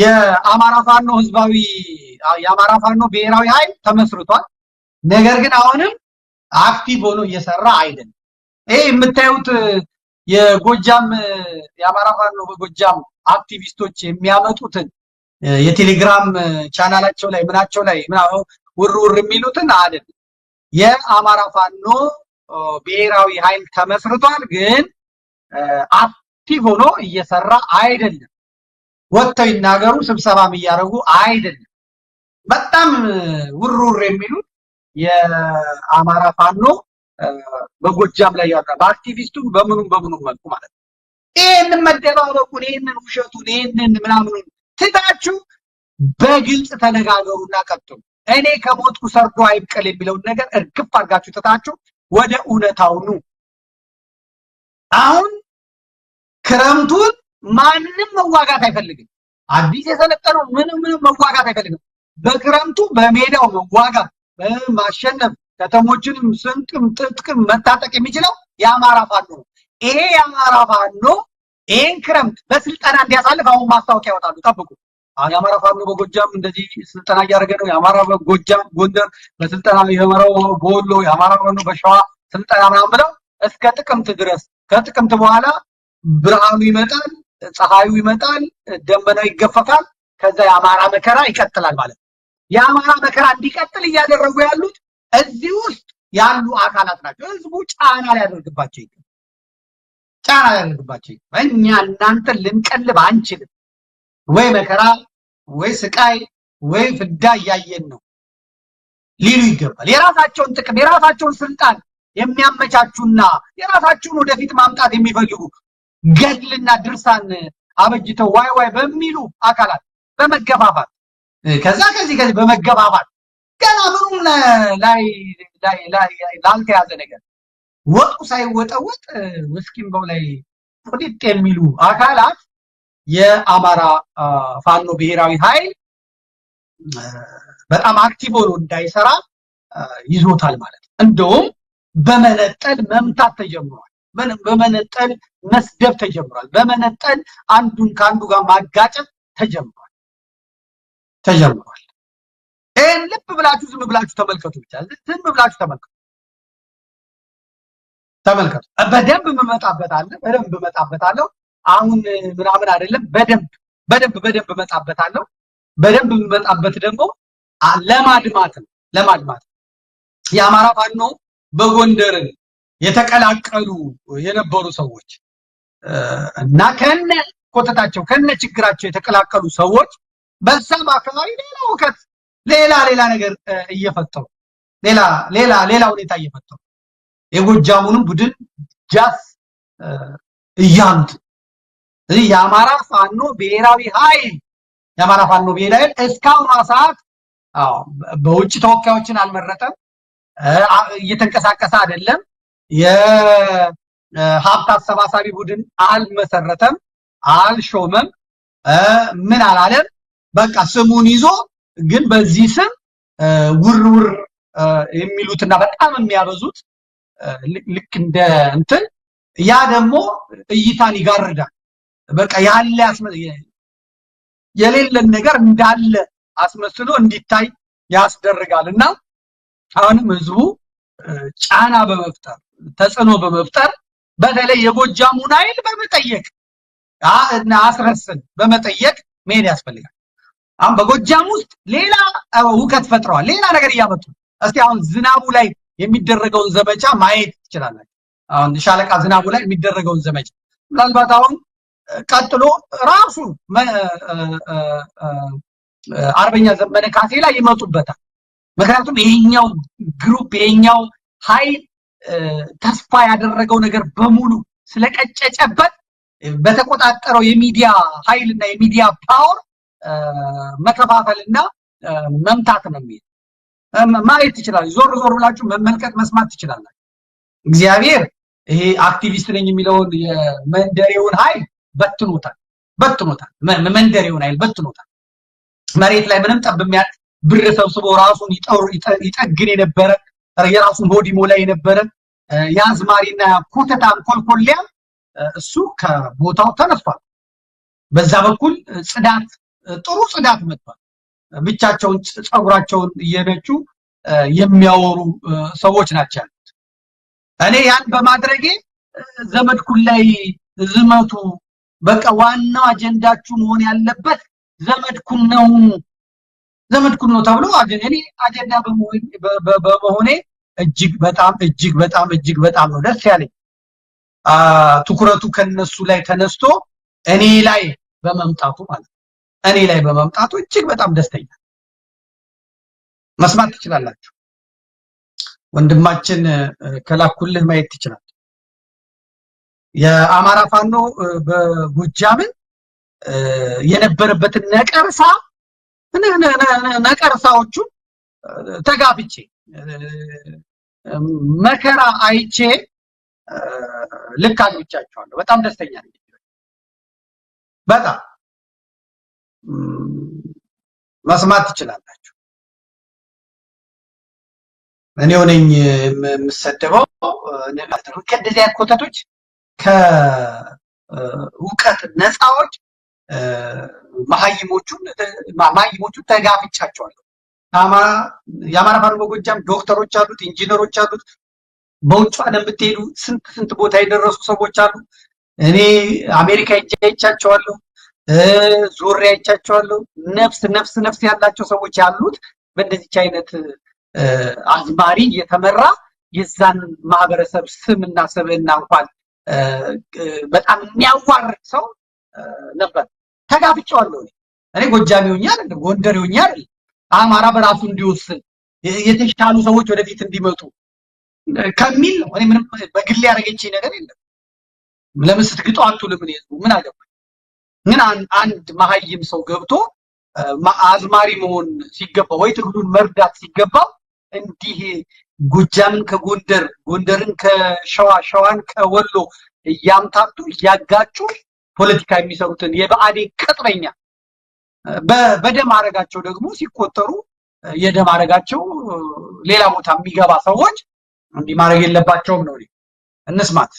የአማራ ፋኖ ህዝባዊ የአማራ ፋኖ ብሔራዊ ኃይል ተመስርቷል። ነገር ግን አሁንም አክቲቭ ሆኖ እየሰራ አይደለም። ይሄ የምታዩት የጎጃም የአማራ ፋኖ በጎጃም አክቲቪስቶች የሚያመጡትን የቴሌግራም ቻናላቸው ላይ ምናቸው ላይ ምናው ውር ውር የሚሉትን አይደለም። የአማራ ፋኖ ብሔራዊ ኃይል ተመስርቷል፣ ግን አክቲቭ ሆኖ እየሰራ አይደለም። ወጥተው ይናገሩ፣ ስብሰባም እያደረጉ አይደለም። በጣም ውርውር የሚሉ የአማራ ፋኖ በጎጃም ላይ ያለ በአክቲቪስቱ በምኑም በምኑም መልኩ ማለት ነው። ይህንን መደባበቁን፣ ይህንን ውሸቱን፣ ይህንን ምናምኑን ትታችሁ በግልጽ ተነጋገሩና ቀጥሉ። እኔ ከሞትኩ ሰርዶ አይብቀል የሚለውን ነገር እርግፍ አድርጋችሁ ትታችሁ ወደ እውነታው ኑ። አሁን ክረምቱን ማንም መዋጋት አይፈልግም። አዲስ የሰለጠነው ምንም ምንም መዋጋት አይፈልግም። በክረምቱ በሜዳው መዋጋት ማሸነፍ፣ ከተሞችንም ስንቅም ጥጥቅም መታጠቅ የሚችለው የአማራ ፋኖ ነው። ይሄ የአማራ ፋኖ ይህን ክረምት በስልጠና እንዲያሳልፍ አሁን ማስታወቂያ ያወጣሉ። ጠብቁ። የአማራ ፋኖ በጎጃም እንደዚህ ስልጠና እያደረገ ነው። የአማራ ጎጃም ጎንደር በስልጠና የመረው በወሎ የአማራ ፋኖ በሸዋ ስልጠና ምናምን ብለው እስከ ጥቅምት ድረስ ከጥቅምት በኋላ ብርሃኑ ይመጣል። ፀሐዩ ይመጣል፣ ደመናው ይገፈፋል። ከዛ የአማራ መከራ ይቀጥላል ማለት ነው። የአማራ መከራ እንዲቀጥል እያደረጉ ያሉት እዚህ ውስጥ ያሉ አካላት ናቸው። ህዝቡ ጫና ሊያደርግባቸው ይገባል። ጫና ሊያደርግባቸው ይገባል። እኛ እናንተን ልንቀልብ አንችልም። ወይ መከራ ወይ ስቃይ ወይ ፍዳ እያየን ነው ሊሉ ይገባል። የራሳቸውን ጥቅም የራሳቸውን ስልጣን የሚያመቻቹና የራሳቸውን ወደፊት ማምጣት የሚፈልጉ ገድልና ድርሳን አበጅተው ዋይ ዋይ በሚሉ አካላት በመገፋፋት ከዛ ከዚህ ከዚህ በመገባባት ገና ምኑም ላይ ላይ ላይ ላልተያዘ ነገር ወጡ ሳይወጠወጥ ውስኪምበው ላይ ቁጥጥ የሚሉ አካላት የአማራ ፋኖ ብሔራዊ ኃይል በጣም አክቲቭ ሆኖ እንዳይሰራ ይዞታል ማለት ነው። እንደውም በመነጠል መምታት ተጀምሯል። በመነጠል መስደብ ተጀምሯል። በመነጠል አንዱን ከአንዱ ጋር ማጋጨት ተጀምሯል ተጀምሯል። ይህን ልብ ብላችሁ ዝም ብላችሁ ተመልከቱ ብቻ ዝም ብላችሁ ተመልከቱ ተመልከቱ። በደንብ እመጣበታለሁ በደንብ እመጣበታለሁ። አሁን ምናምን አይደለም። በደንብ በደንብ በደንብ እመጣበታለሁ። በደንብ የምመጣበት ደግሞ ለማድማት ነው ለማድማት የአማራ ፋኖ በጎንደርን የተቀላቀሉ የነበሩ ሰዎች እና ከነ ኮተታቸው ከነ ችግራቸው የተቀላቀሉ ሰዎች በዛም አካባቢ ሌላ እውቀት ሌላ ሌላ ነገር እየፈጠሩ ሌላ ሌላ ሌላ ሁኔታ እየፈጠሩ የጎጃሙንም ቡድን ጃፍ እያሉት የአማራ ፋኖ ብሔራዊ ኃይል የአማራ ፋኖ ብሔራዊ ኃይል እስካሁኗ ሰዓት በውጭ ተወካዮችን አልመረጠም፣ እየተንቀሳቀሰ አይደለም። የሀብት አሰባሳቢ ቡድን አልመሰረተም፣ አልሾመም፣ ምን አላለም። በቃ ስሙን ይዞ ግን በዚህ ስም ውርውር የሚሉትና በጣም የሚያበዙት ልክ እንደ እንትን ያ ደግሞ እይታን ይጋርዳል። በቃ ያለ የሌለን ነገር እንዳለ አስመስሎ እንዲታይ ያስደርጋል እና አሁንም ህዝቡ ጫና በመፍጠር ተጽዕኖ በመፍጠር በተለይ የጎጃሙን ኃይል በመጠየቅ እና አስረስን በመጠየቅ መሄድ ያስፈልጋል። አሁን በጎጃም ውስጥ ሌላ ውከት ፈጥረዋል። ሌላ ነገር እያመጡ እስቲ አሁን ዝናቡ ላይ የሚደረገውን ዘመቻ ማየት ትችላላችሁ። አሁን ሻለቃ ዝናቡ ላይ የሚደረገውን ዘመቻ ምናልባት አሁን ቀጥሎ ራሱ አርበኛ ዘመነ ካሴ ላይ ይመጡበታል። ምክንያቱም ይሄኛው ግሩፕ ይሄኛው ኃይል ተስፋ ያደረገው ነገር በሙሉ ስለቀጨጨበት በተቆጣጠረው የሚዲያ ኃይል እና የሚዲያ ፓወር መከፋፈልና መምታት ነው የሚሄድ። ማየት ትችላለች። ዞር ዞር ብላችሁ መመልከት መስማት ትችላላችሁ። እግዚአብሔር ይሄ አክቲቪስት ነኝ የሚለውን የመንደሬውን ኃይል በትኖታል፣ በትኖታል። መንደሬውን ኃይል በትኖታል። መሬት ላይ ምንም ጠብ የሚያት ብር ሰብስቦ ራሱን ይጠግን የነበረ የራሱን በወዲሞ ላይ የነበረ የአዝማሪና ኮተታም ኮልኮሊያ እሱ ከቦታው ተነስቷል። በዛ በኩል ጽዳት፣ ጥሩ ጽዳት መጥቷል። ብቻቸውን ፀጉራቸውን እየነጩ የሚያወሩ ሰዎች ናቸው ያሉት። እኔ ያን በማድረጌ ዘመድኩን ላይ ዝመቱ፣ በቃ ዋናው አጀንዳችሁ መሆን ያለበት ዘመድኩን ነው ዘመድኩን ነው ተብሎ እኔ አጀንዳ በመሆኔ እጅግ በጣም እጅግ በጣም እጅግ በጣም ነው ደስ ያለኝ። ትኩረቱ ከነሱ ላይ ተነስቶ እኔ ላይ በመምጣቱ ማለት እኔ ላይ በመምጣቱ እጅግ በጣም ደስተኛ መስማት ትችላላችሁ። ወንድማችን ከላኩልህ ማየት ትችላል። የአማራ ፋኖ በጎጃምን የነበረበትን ነቀርሳ ነቀርሳዎቹን ተጋብቼ መከራ አይቼ ልክ አግብቻቸዋለሁ። በጣም ደስተኛ ነኝ። በጣም መስማት ትችላላችሁ። እኔው ነኝ የምሰደበው። ከእንደዚህ አይነት ኮተቶች ከእውቀት ነፃዎች መሀይሞቹን ተጋብቻቸዋለሁ። የአማራ ፋኖ በጎጃም ዶክተሮች አሉት፣ ኢንጂነሮች አሉት። በውጭ ዓለም ብትሄዱ ስንት ስንት ቦታ የደረሱ ሰዎች አሉ። እኔ አሜሪካ ሄጄ አይቻቸዋለሁ፣ ዞሬ አይቻቸዋለሁ። ነፍስ ነፍስ ነፍስ ያላቸው ሰዎች ያሉት በእንደዚች አይነት አዝማሪ እየተመራ የዛን ማህበረሰብ ስምና ስብዕና እንኳን በጣም የሚያዋርድ ሰው ነበር። ተጋፍጫዋለሁ። እኔ ጎጃሚ ሆኜ አይደለም ጎንደሬ አይደለም አማራ በራሱ እንዲወስን የተሻሉ ሰዎች ወደፊት እንዲመጡ ከሚል ነው። እኔ ምንም በግል ያደረገችኝ ነገር የለም። ለምን ስትግጡ አትውልም? ምን ህዝቡ ምን አገባኝ? ግን አንድ መሀይም ሰው ገብቶ አዝማሪ መሆን ሲገባው ወይ ትግሉን መርዳት ሲገባው እንዲህ ጎጃምን ከጎንደር ጎንደርን ከሸዋ ሸዋን ከወሎ እያምታቱ እያጋጩ ፖለቲካ የሚሰሩትን የበአዴን ቅጥረኛ በደም አረጋቸው ደግሞ ሲቆጠሩ የደም አረጋቸው ሌላ ቦታ የሚገባ ሰዎች እንዲህ ማድረግ የለባቸውም ነው። እንስማት።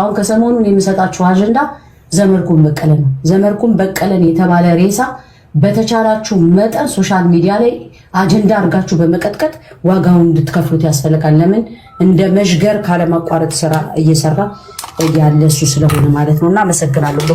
አሁን ከሰሞኑን የሚሰጣችሁ አጀንዳ ዘመርኩን በቀለ ነው። ዘመርኩን በቀለን የተባለ ሬሳ በተቻላችሁ መጠን ሶሻል ሚዲያ ላይ አጀንዳ አድርጋችሁ በመቀጥቀጥ ዋጋውን እንድትከፍሉት ያስፈልጋል። ለምን እንደ መዥገር ካለማቋረጥ ስራ እየሰራ ያለ እሱ ስለሆነ ማለት ነው። እና አመሰግናለሁ።